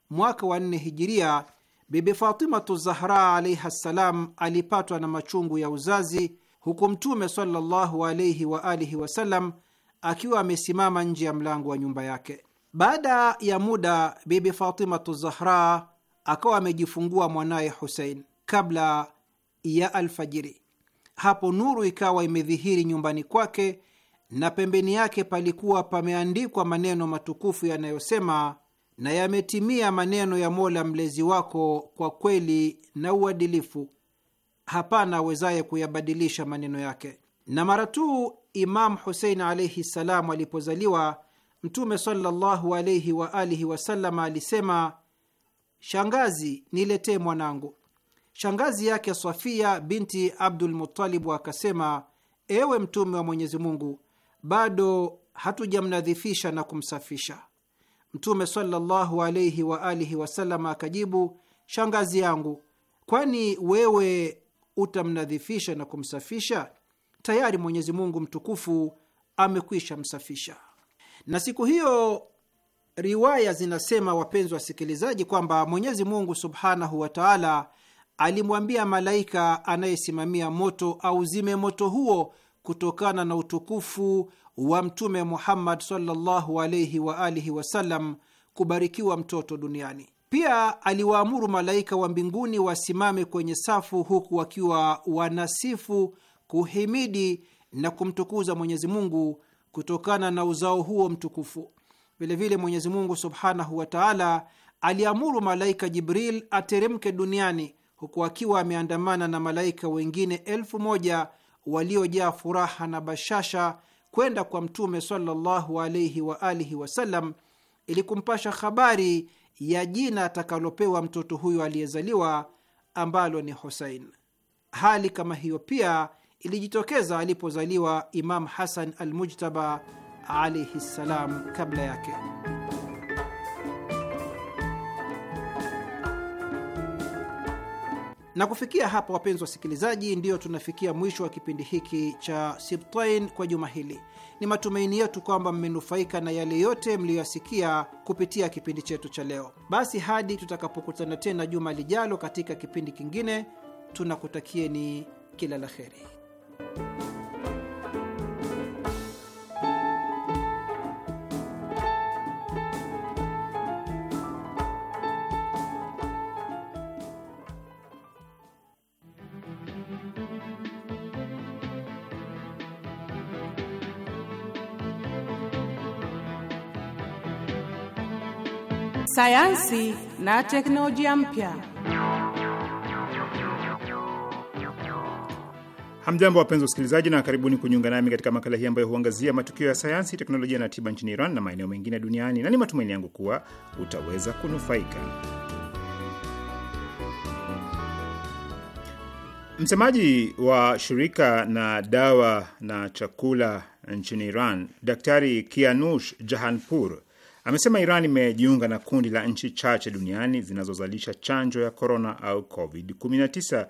mwaka wa nne hijiria, Bibi Fatimatu Zahra alaihi ssalam alipatwa na machungu ya uzazi huku Mtume sallallahu alaihi wasallam akiwa amesimama nje ya mlango wa nyumba yake. Baada ya muda, Bibi Fatimatu Zahra akawa amejifungua mwanaye Husein kabla ya alfajiri. Hapo nuru ikawa imedhihiri nyumbani kwake na pembeni yake palikuwa pameandikwa maneno matukufu yanayosema, na yametimia maneno ya Mola mlezi wako kwa kweli na uadilifu hapana awezaye kuyabadilisha maneno yake. Na mara tu Imamu Husein alaihi ssalam alipozaliwa, Mtume sallallahu alaihi wa alihi wasallam alisema, shangazi, niletee mwanangu. Shangazi yake Safia binti Abdul Muttalibu akasema, ewe Mtume wa Mwenyezi Mungu, bado hatujamnadhifisha na kumsafisha. Mtume sallallahu alaihi wa alihi wasallam akajibu, shangazi yangu, kwani wewe utamnadhifisha na kumsafisha? Tayari Mwenyezi Mungu mtukufu amekwisha msafisha. Na siku hiyo riwaya zinasema, wapenzi wasikilizaji, kwamba Mwenyezi Mungu subhanahu wa taala alimwambia malaika anayesimamia moto auzime moto huo kutokana na utukufu wa Mtume Muhammad sallallahu alaihi waalihi wasallam, kubarikiwa mtoto duniani. Pia aliwaamuru malaika wa mbinguni wasimame kwenye safu, huku wakiwa wanasifu, kuhimidi na kumtukuza Mwenyezi Mungu kutokana na uzao huo mtukufu. Vilevile Mwenyezi Mungu subhanahu wa taala aliamuru malaika Jibril ateremke duniani huku akiwa ameandamana na malaika wengine elfu moja waliojaa furaha na bashasha kwenda kwa Mtume sallallahu alaihi waalihi wasallam ili kumpasha habari ya jina atakalopewa mtoto huyo aliyezaliwa ambalo ni Husein. Hali kama hiyo pia ilijitokeza alipozaliwa Imam Hasan Almujtaba alaihi ssalam kabla yake. Na kufikia hapa, wapenzi wasikilizaji, ndiyo tunafikia mwisho wa kipindi hiki cha Sibtain kwa juma hili. Ni matumaini yetu kwamba mmenufaika na yale yote mliyoyasikia kupitia kipindi chetu cha leo. Basi hadi tutakapokutana tena juma lijalo katika kipindi kingine, tunakutakieni kila la heri. sayansi na teknolojia mpya. Hamjambo, wapenzi wasikilizaji, na karibuni kujiunga nami katika makala hii ambayo huangazia matukio ya sayansi, teknolojia na tiba nchini Iran na maeneo mengine duniani, na ni matumaini yangu kuwa utaweza kunufaika. Msemaji wa shirika na dawa na chakula nchini Iran, Daktari Kianush Jahanpur Amesema Iran imejiunga na kundi la nchi chache duniani zinazozalisha chanjo ya korona au COVID-19.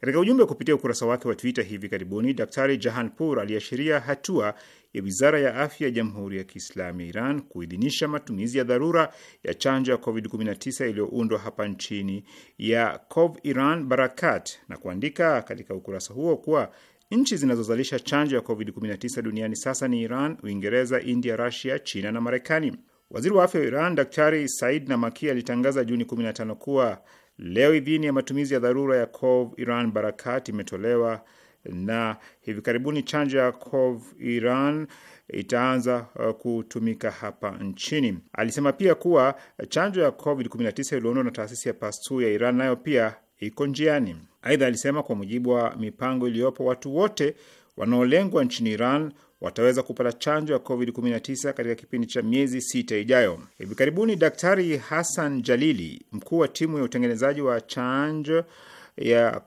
Katika ujumbe wa kupitia ukurasa wake wa Twitter hivi karibuni, Daktari Jahanpur aliashiria hatua ya wizara ya afya ya Jamhuri ya Kiislamu ya Iran kuidhinisha matumizi ya dharura ya chanjo ya COVID-19 iliyoundwa hapa nchini ya Cov Iran Barakat na kuandika katika ukurasa huo kuwa nchi zinazozalisha chanjo ya COVID-19 duniani sasa ni Iran, Uingereza, India, Rusia, China na Marekani. Waziri wa afya wa Iran Daktari Said Namaki alitangaza Juni 15 kuwa leo idhini ya matumizi ya dharura ya Cov Iran Barakat imetolewa na hivi karibuni chanjo ya Cov Iran itaanza uh, kutumika hapa nchini. Alisema pia kuwa chanjo ya COVID-19 iliyoundwa na taasisi ya pastu ya Iran nayo pia iko njiani. Aidha, alisema kwa mujibu wa mipango iliyopo, watu wote wanaolengwa nchini Iran wataweza kupata chanjo ya COVID-19 katika kipindi cha miezi sita ijayo. Hivi karibuni Daktari Hassan Jalili, mkuu wa timu ya utengenezaji wa chanjo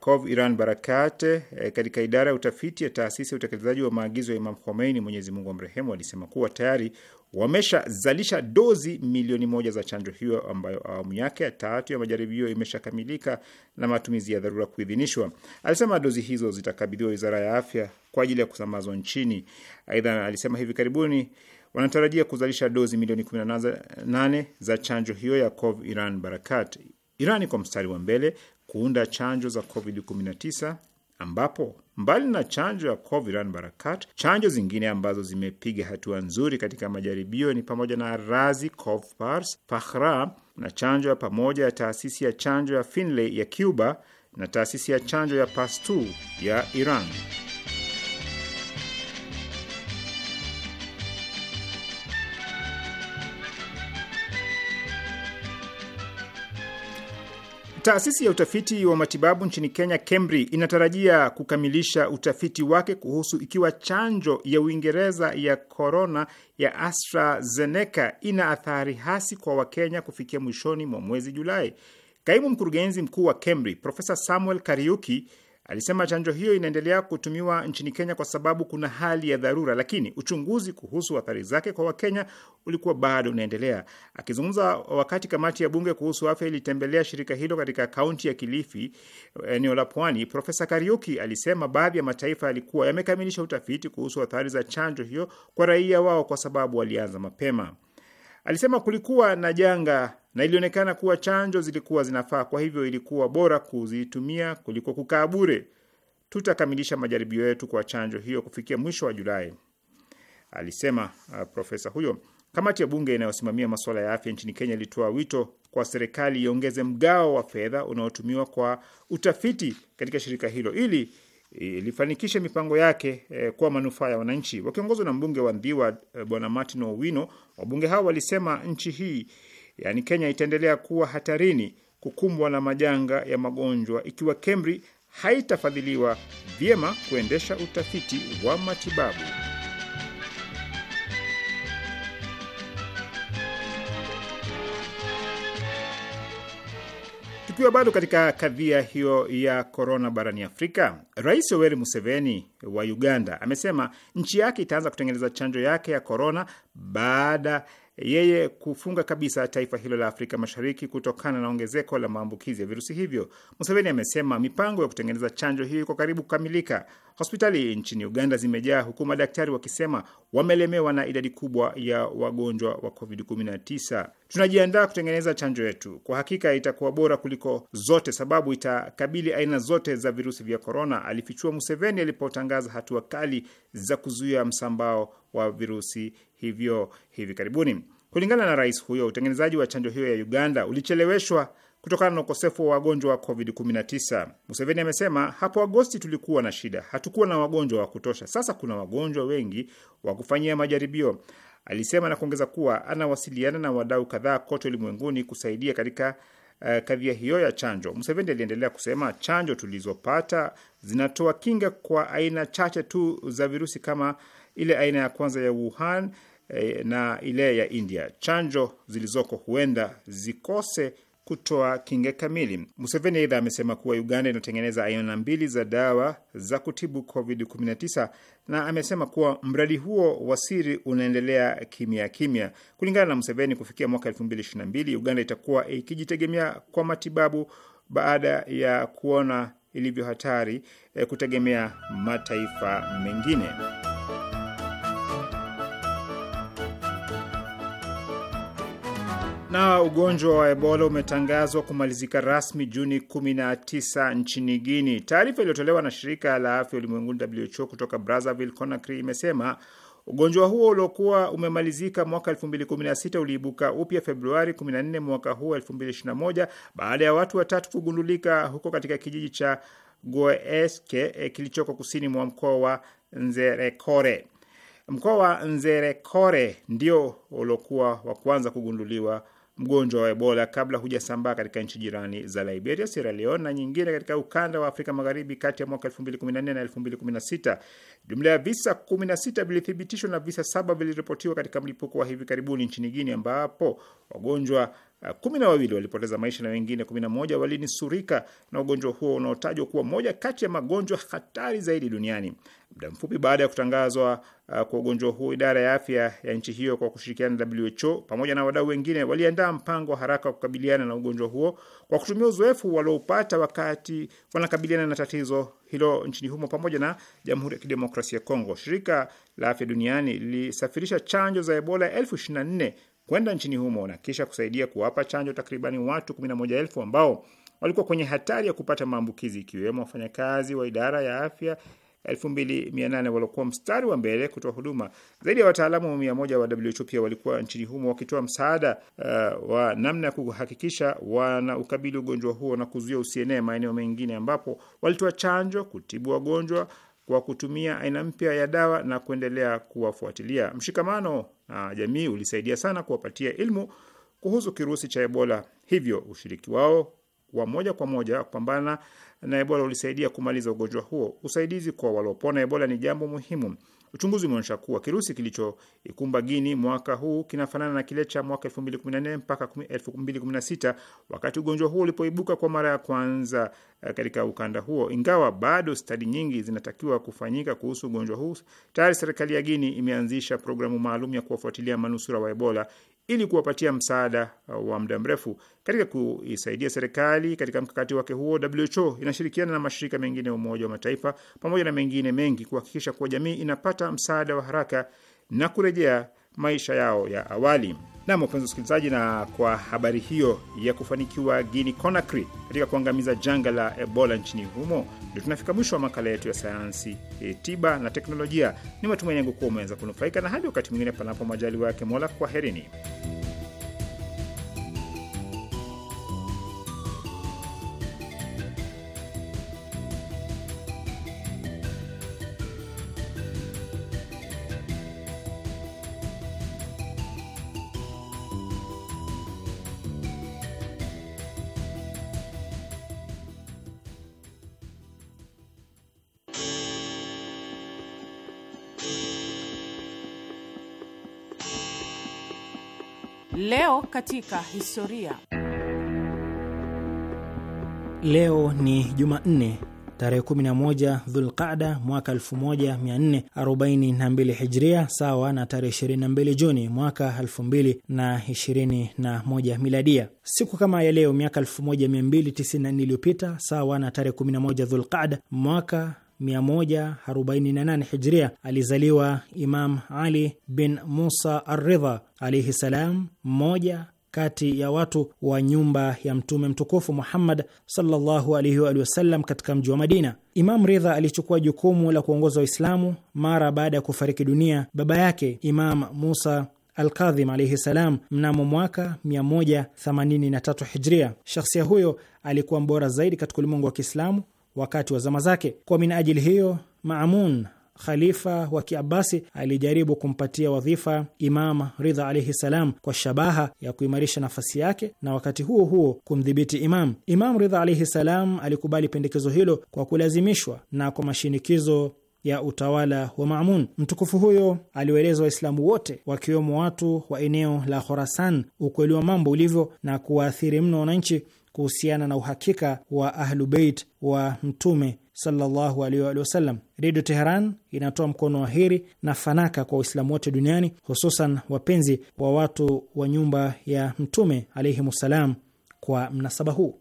Kov Iran Barakate eh, katika idara ya utafiti ya taasisi ya utekelezaji wa maagizo ya Imam Khomeini, Mwenyezi Mungu amrehemu, alisema kuwa tayari wameshazalisha dozi milioni moja za chanjo hiyo ambayo awamu yake ya tatu ya majaribio imeshakamilika na matumizi ya dharura kuidhinishwa. Alisema dozi hizo zitakabidhiwa wizara ya afya kwa ajili ya kusambazwa nchini. Aidha, alisema hivi karibuni wanatarajia kuzalisha dozi milioni 18 za chanjo hiyo ya Iran Barakat. Iran iko mstari wa mbele kuunda chanjo za COVID-19 ambapo mbali na chanjo ya Coviran yaani Barakat, chanjo zingine ambazo zimepiga hatua nzuri katika majaribio ni pamoja na Razi Covpars Fakhra na chanjo ya pamoja ya taasisi ya chanjo ya Finlay ya Cuba na taasisi ya chanjo ya Pastu ya Iran. Taasisi ya utafiti wa matibabu nchini Kenya, KEMRI, inatarajia kukamilisha utafiti wake kuhusu ikiwa chanjo ya Uingereza ya korona ya AstraZeneca ina athari hasi kwa Wakenya kufikia mwishoni mwa mwezi Julai. Kaimu mkurugenzi mkuu wa KEMRI Profesa Samuel Kariuki Alisema chanjo hiyo inaendelea kutumiwa nchini Kenya kwa sababu kuna hali ya dharura, lakini uchunguzi kuhusu athari zake kwa Wakenya ulikuwa bado unaendelea. Akizungumza wakati kamati ya bunge kuhusu afya ilitembelea shirika hilo katika kaunti ya Kilifi, eneo la Pwani, Profesa Kariuki alisema baadhi ya mataifa yalikuwa yamekamilisha utafiti kuhusu athari za chanjo hiyo kwa raia wao kwa sababu walianza mapema. Alisema kulikuwa na janga na ilionekana kuwa chanjo zilikuwa zinafaa, kwa hivyo ilikuwa bora kuzitumia kuliko kukaa bure. Tutakamilisha majaribio yetu kwa chanjo hiyo kufikia mwisho wa Julai, alisema uh, profesa huyo. Kamati ya bunge inayosimamia masuala ya afya nchini Kenya ilitoa wito kwa serikali iongeze mgao wa fedha unaotumiwa kwa utafiti katika shirika hilo ili ilifanikishe eh, mipango yake eh, kwa manufaa ya wananchi. Wakiongozwa na mbunge wa Ndhiwa eh, bwana Martin Owino, wabunge hao walisema nchi hii yaani Kenya itaendelea kuwa hatarini kukumbwa na majanga ya magonjwa ikiwa KEMRI haitafadhiliwa vyema kuendesha utafiti wa matibabu. Tukiwa bado katika kadhia hiyo ya korona barani Afrika, Rais Yoweri Museveni wa Uganda amesema nchi yake itaanza kutengeneza chanjo yake ya korona baada yeye kufunga kabisa taifa hilo la Afrika Mashariki kutokana na ongezeko la maambukizi ya virusi hivyo. Museveni amesema mipango ya kutengeneza chanjo hiyo iko karibu kukamilika. Hospitali nchini Uganda zimejaa huku madaktari wakisema wamelemewa na idadi kubwa ya wagonjwa wa COVID-19. Tunajiandaa kutengeneza chanjo yetu, kwa hakika itakuwa bora kuliko zote, sababu itakabili aina zote za virusi vya korona, alifichua Museveni alipotangaza hatua kali za kuzuia msambao wa virusi hivyo hivi karibuni. Kulingana na rais huyo, utengenezaji wa chanjo hiyo ya Uganda ulicheleweshwa kutokana na ukosefu wa wagonjwa wa COVID-19. Museveni amesema, hapo Agosti tulikuwa na shida, hatukuwa na wagonjwa wa kutosha. Sasa kuna wagonjwa wengi wa kufanyia majaribio, alisema na kuongeza kuwa anawasiliana na wadau kadhaa kote ulimwenguni kusaidia katika uh, kadhia hiyo ya chanjo. Museveni aliendelea kusema, chanjo tulizopata zinatoa kinga kwa aina chache tu za virusi kama ile aina ya kwanza ya Wuhan eh, na ile ya India. Chanjo zilizoko huenda zikose kutoa kinga kamili. Museveni aidha amesema kuwa Uganda inatengeneza aina mbili za dawa za kutibu COVID-19 na amesema kuwa mradi huo wa siri unaendelea kimya kimya. Kulingana na Museveni, kufikia mwaka 2022 Uganda itakuwa ikijitegemea kwa matibabu baada ya kuona ilivyo hatari eh, kutegemea mataifa mengine. Na ugonjwa wa Ebola umetangazwa kumalizika rasmi Juni 19 nchini Guini. Taarifa iliyotolewa na shirika la afya ulimwenguni WHO kutoka Brazzaville, Conakry imesema ugonjwa huo uliokuwa umemalizika mwaka 2016 uliibuka upya Februari 14 mwaka huu 2021 baada ya watu watatu kugundulika huko katika kijiji cha Goeske eh, kilichoko kusini mwa mkoa wa Nzerekore. Mkoa wa Nzerekore ndio uliokuwa wa kwanza kugunduliwa mgonjwa wa Ebola kabla hujasambaa katika nchi jirani za Liberia, Sierra Leone na nyingine katika ukanda wa Afrika Magharibi kati ya mwaka 2014 na 2016. Jumla ya visa 16 vilithibitishwa na visa saba viliripotiwa katika mlipuko wa hivi karibuni nchini Guinea, ambapo wagonjwa uh, kumi na wawili walipoteza maisha na wengine kumi na moja walinusurika na ugonjwa huo unaotajwa kuwa moja kati ya magonjwa hatari zaidi duniani. Muda mfupi baada ya kutangazwa uh, kwa ugonjwa huu, idara ya afya ya nchi hiyo kwa kushirikiana na WHO pamoja na wadau wengine waliandaa mpango wa haraka wa kukabiliana na ugonjwa huo kwa kutumia uzoefu walioupata wakati wanakabiliana na tatizo hilo nchini humo pamoja na Jamhuri ya Kidemokrasia ya Kongo. Shirika la Afya Duniani lilisafirisha chanjo za Ebola elfu ishirini na nne kwenda nchini humo na kisha kusaidia kuwapa chanjo takribani watu kumi na moja elfu ambao walikuwa kwenye hatari ya kupata maambukizi ikiwemo wafanyakazi wa idara ya afya 2800 waliokuwa mstari wa mbele kutoa huduma. Zaidi ya wataalamu 100 wa WHO pia walikuwa nchini humo wakitoa msaada uh, wa namna ya kuhakikisha wana ukabili ugonjwa huo na kuzuia usienee maeneo mengine, ambapo walitoa chanjo, kutibu wagonjwa kwa kutumia aina mpya ya dawa na kuendelea kuwafuatilia. Mshikamano na uh, jamii ulisaidia sana kuwapatia ilmu kuhusu kirusi cha Ebola, hivyo ushiriki wao wa moja kwa moja kupambana na Ebola ulisaidia kumaliza ugonjwa huo. Usaidizi kwa waliopona Ebola ni jambo muhimu. Uchunguzi umeonyesha kuwa kirusi kilichoikumba Guini mwaka huu kinafanana na kile cha mwaka 2014 mpaka 2016 wakati ugonjwa huo ulipoibuka kwa mara ya kwanza eh, katika ukanda huo. Ingawa bado stadi nyingi zinatakiwa kufanyika kuhusu ugonjwa huu, tayari serikali ya Guini imeanzisha programu maalum ya kuwafuatilia manusura wa Ebola ili kuwapatia msaada uh, wa muda mrefu. Katika kuisaidia serikali katika mkakati wake huo, WHO inashirikiana na mashirika mengine ya Umoja wa Mataifa pamoja na mengine mengi kuhakikisha kuwa jamii inapata msaada wa haraka na kurejea maisha yao ya awali. Nam, wapenzi wasikilizaji, na kwa habari hiyo ya kufanikiwa guini Conakry katika kuangamiza janga la Ebola nchini humo, ndio tunafika mwisho wa makala yetu ya sayansi e, tiba na teknolojia. Ni matumaini yangu kuwa umeweza kunufaika, na hadi wakati mwingine, panapo majaliwa yake Mola, kwaherini. Leo katika historia. Leo ni Jumanne tarehe 11 Dhulqada mwaka 1442 Hijria, sawa na tarehe 22 Juni mwaka 2021 Miladia. Siku kama ya leo miaka 1294 iliyopita, sawa na tarehe 11 Dhulqada mwaka 148 hijria alizaliwa Imam Ali bin Musa Arridha alaihi salam, mmoja kati ya watu wa nyumba ya Mtume mtukufu Muhammad sallallahu alaihi wa wasallam katika mji wa Madina. Imam Ridha alichukua jukumu la kuongoza Waislamu mara baada ya kufariki dunia baba yake Imam Musa Alkadhim alaihi salam mnamo mwaka 183 hijria. Shakhsia huyo alikuwa mbora zaidi katika ulimwengu wa Kiislamu wakati wa zama zake. Kwa minajili hiyo, Maamun khalifa wa Kiabasi alijaribu kumpatia wadhifa Imam Ridha alaihi salam kwa shabaha ya kuimarisha nafasi yake na wakati huo huo kumdhibiti Imam. Imam Ridha alaihi salam alikubali pendekezo hilo kwa kulazimishwa na kwa mashinikizo ya utawala wa Mamun. Mtukufu huyo aliwaeleza Waislamu wote wakiwemo watu wa eneo la Khorasan ukweli wa mambo ulivyo na kuwaathiri mno wananchi kuhusiana na uhakika wa Ahlubeit wa Mtume sallallahu alaihi Redio Teheran inatoa mkono wa heri na fanaka kwa Waislamu wote duniani, hususan wapenzi wa watu wa nyumba ya Mtume ssalam kwa mnasaba huu.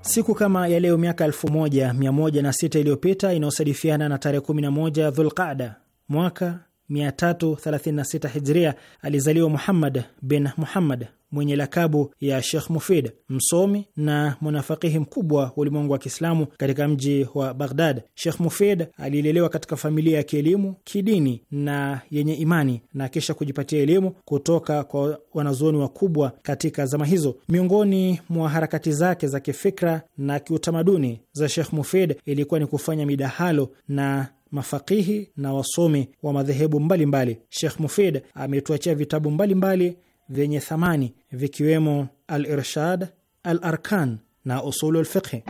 Siku kama ya leo miaka 1106 iliyopita inayosadifiana na tarehe 11 Dhulqada mwaka 336 hijria alizaliwa Muhammad bin Muhammad mwenye lakabu ya Shekh Mufid, msomi na mwanafakihi mkubwa wa ulimwengu wa Kiislamu katika mji wa Baghdad. Shekh Mufid alilelewa katika familia ya kielimu, kidini na yenye imani na kisha kujipatia elimu kutoka kwa wanazuoni wakubwa katika zama hizo. Miongoni mwa harakati zake za kifikra na kiutamaduni za Shekh Mufid ilikuwa ni kufanya midahalo na mafakihi na wasomi wa madhehebu mbalimbali. Shekh Mufid ametuachia vitabu mbalimbali vyenye thamani vikiwemo Al Irshad, Al Arkan na Usulul Fiqhi.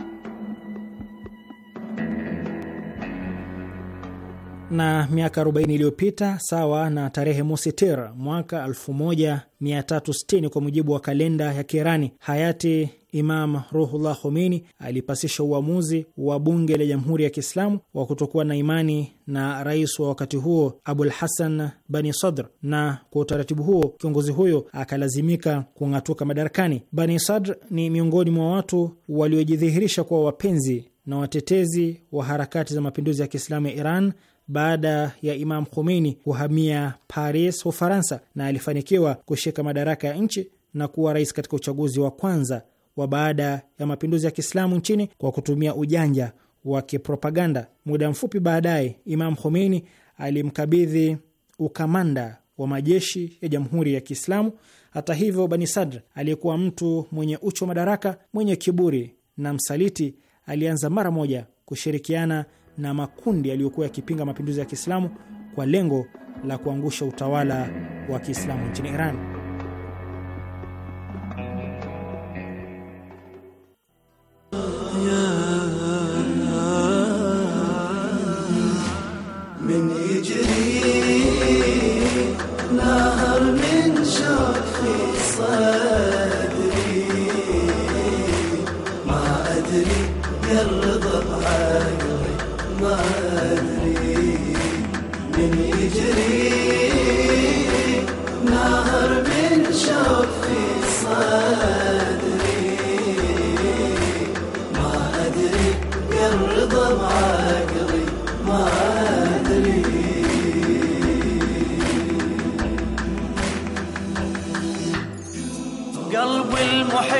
na miaka 40 iliyopita sawa na tarehe mosi Tir mwaka 1360 kwa mujibu wa kalenda ya Kirani, hayati Imam Ruhullah Khomeini alipasisha uamuzi wa bunge la Jamhuri ya Kiislamu wa kutokuwa na imani na rais wa wakati huo Abul hasan Bani Sadr, na kwa utaratibu huo kiongozi huyo akalazimika kung'atuka madarakani. Bani Sadr ni miongoni mwa watu waliojidhihirisha kuwa wapenzi na watetezi wa harakati za mapinduzi ya Kiislamu ya Iran baada ya Imam Khomeini kuhamia Paris, Ufaransa, na alifanikiwa kushika madaraka ya nchi na kuwa rais katika uchaguzi wa kwanza wa baada ya mapinduzi ya Kiislamu nchini kwa kutumia ujanja wa kipropaganda. Muda mfupi baadaye, Imam Khomeini alimkabidhi ukamanda wa majeshi ya Jamhuri ya Kiislamu. Hata hivyo, Bani Sadr aliyekuwa mtu mwenye uchu wa madaraka, mwenye kiburi na msaliti, alianza mara moja kushirikiana na makundi yaliyokuwa yakipinga mapinduzi ya Kiislamu kwa lengo la kuangusha utawala wa Kiislamu nchini Iran.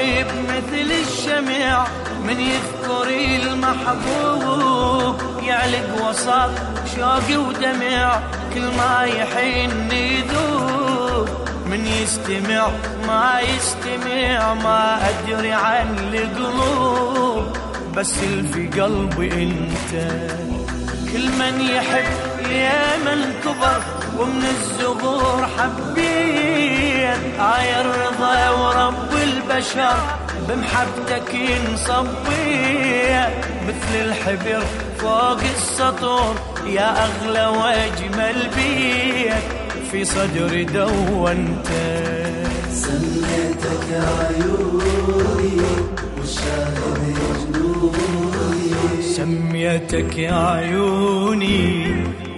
طيب مثل الشمع من يذكر المحبوب يعلق وسط شوقي ودمع كل ما يحن يذوب من يستمع ما يستمع ما أدري عن القلوب بس في قلبي انت كل من يحب يا من كبر ومن الزهور حبيت آي الرضا ورب البشر بمحبتك ينصبيت مثل الحبر فوق السطور يا أغلى وأجمل بيت في صدري دونتك سميتك عيوني والشاهد جنوني سميتك عيوني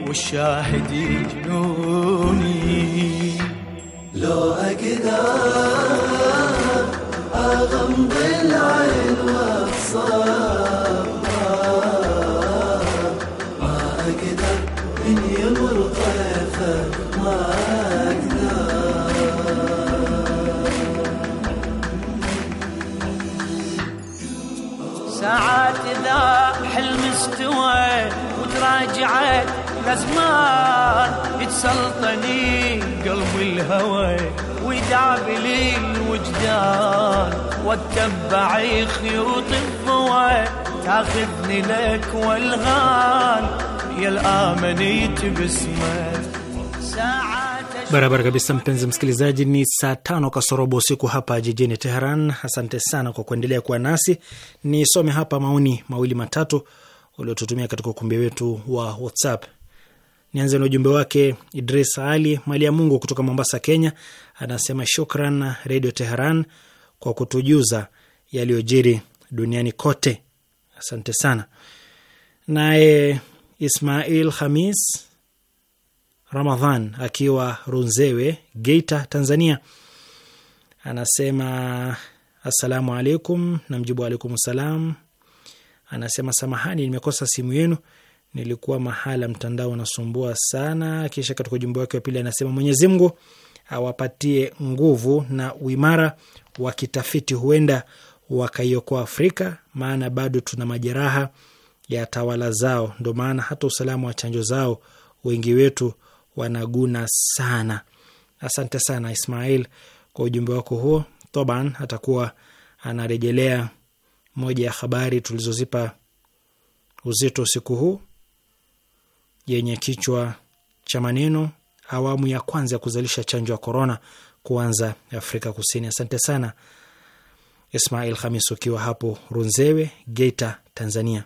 والشاهد يجنوني لو أقدر أغمض العين وأقصر ما أقدر من يمر طيفك ما أقدر ساعات إذا حلم استوى وتراجعت لزمان اتسلطني قلب الهوى ويدعب لي الوجدان واتبع خيوط الضوى تاخذني لك والغان يا amaniti bismillah Barabara kabisa, mpenzi msikilizaji, ni saa tano kasorobo usiku hapa jijini Teheran. Asante sana kwa kuendelea kuwa nasi. Nisome hapa maoni mawili matatu uliotutumia katika ukumbi wetu wa WhatsApp. Nianze na ujumbe wake Idris Ali Mali ya Mungu kutoka Mombasa, Kenya. Anasema shukran na Redio Teheran kwa kutujuza yaliyojiri duniani kote, asante sana. Naye Ismail Hamis Ramadhan akiwa Runzewe, Geita, Tanzania, anasema assalamu alaikum, na mjibu alaikum salam. Anasema samahani, nimekosa simu yenu nilikuwa mahala mtandao unasumbua sana. Kisha katika ujumbe wake wa pili anasema Mwenyezi Mungu awapatie nguvu na uimara wa kitafiti, huenda wakaiokoa Afrika, maana bado tuna majeraha ya tawala zao. Ndo maana hata usalama wa chanjo zao wengi wetu wanaguna sana. Asante sana Ismail kwa ujumbe wako huo. Toban atakuwa anarejelea moja ya habari tulizozipa uzito usiku huu yenye kichwa cha maneno awamu ya kwanza ya kuzalisha chanjo ya korona kuanza Afrika Kusini. Asante sana Ismail Hamis ukiwa hapo Runzewe, Geita, Tanzania.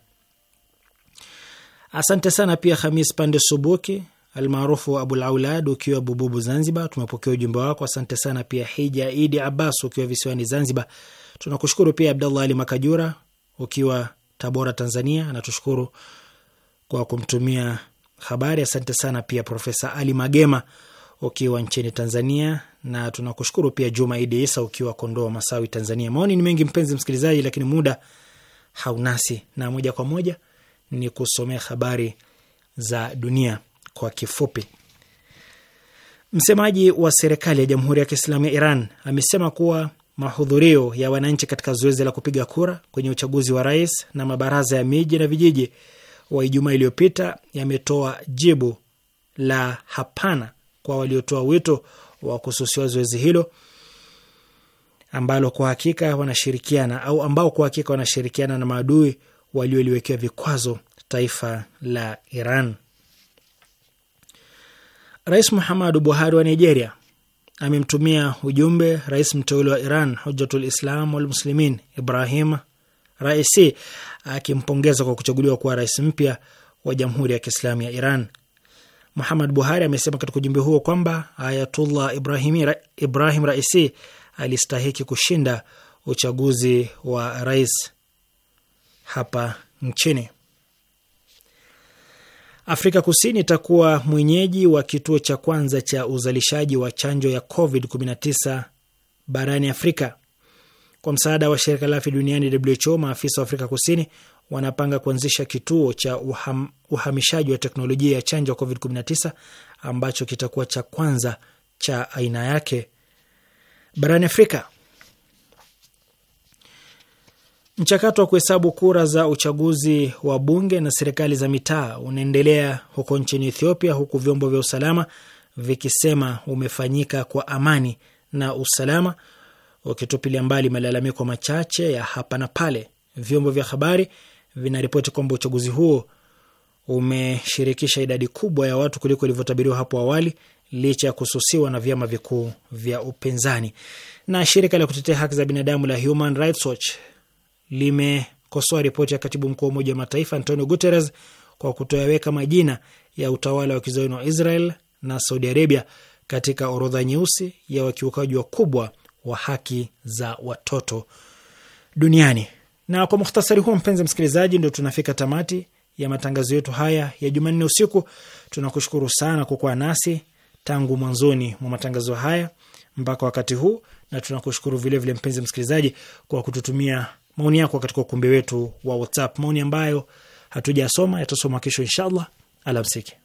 Asante sana pia Hamis Pande Subuki almaarufu Abul Aulad ukiwa Bububu, Zanzibar. Tumepokea ujumbe wako, asante sana pia. Hija Idi Abbas ukiwa visiwani Zanzibar, tunakushukuru pia. Abdallah Ali Makajura ukiwa Tabora, Tanzania, anatushukuru kwa kumtumia habari. Asante sana pia Profesa Ali Magema ukiwa nchini Tanzania, na tunakushukuru pia Juma Idi Isa ukiwa Kondoa Masawi, Tanzania. Maoni ni mengi mpenzi msikilizaji, lakini muda haunasi, na moja kwa moja ni kusomea habari za dunia kwa kifupi. Msemaji wa serikali ya Jamhuri ya Kiislamu ya Iran amesema kuwa mahudhurio ya wananchi katika zoezi la kupiga kura kwenye uchaguzi wa rais na mabaraza ya miji na vijiji wa Ijumaa iliyopita yametoa jibu la hapana kwa waliotoa wito wa kususiwa zoezi hilo ambalo kwa hakika wanashirikiana au ambao kwa hakika wanashirikiana na maadui walioliwekea vikwazo taifa la Iran. Rais Muhammadu Buhari wa Nigeria amemtumia ujumbe rais mteule wa Iran Hujjatul Islam wal Muslimin Ibrahim Raisi akimpongeza kwa kuchaguliwa kuwa rais mpya wa Jamhuri ya Kiislamu ya Iran. Muhammad Buhari amesema katika ujumbe huo kwamba Ayatullah Ibrahim, Ra Ibrahim Raisi alistahiki kushinda uchaguzi wa rais hapa nchini. Afrika Kusini itakuwa mwenyeji wa kituo cha kwanza cha uzalishaji wa chanjo ya COVID-19 barani Afrika. Kwa msaada wa shirika la afya duniani WHO, maafisa wa Afrika Kusini wanapanga kuanzisha kituo cha uham, uhamishaji wa teknolojia ya chanjo ya COVID-19 ambacho kitakuwa cha kwanza cha aina yake barani Afrika. Mchakato wa kuhesabu kura za uchaguzi wa bunge na serikali za mitaa unaendelea huko nchini Ethiopia, huku vyombo vya usalama vikisema umefanyika kwa amani na usalama wakitupilia mbali malalamiko machache ya hapa na pale. Vyombo vya habari vinaripoti kwamba uchaguzi huo umeshirikisha idadi kubwa ya watu kuliko ilivyotabiriwa hapo awali licha ya kususiwa na vyama vikuu vya upinzani. Na shirika la kutetea haki za binadamu la Human Rights Watch limekosoa ripoti ya katibu mkuu wa Umoja wa Mataifa Antonio Guterres kwa kutoyaweka majina ya utawala wa kizayuni wa Israel na Saudi Arabia katika orodha nyeusi ya wakiukaji wakubwa wa haki za watoto duniani. Na kwa muhtasari huo, mpenzi msikilizaji, ndio tunafika tamati ya matangazo yetu haya ya Jumanne usiku. Tunakushukuru sana kwa kuwa nasi tangu mwanzoni mwa matangazo haya mpaka wakati huu, na tunakushukuru vilevile mpenzi msikilizaji kwa kututumia maoni yako katika ukumbi wetu wa WhatsApp, maoni ambayo hatujasoma yatasoma kesho inshallah. Alamsiki.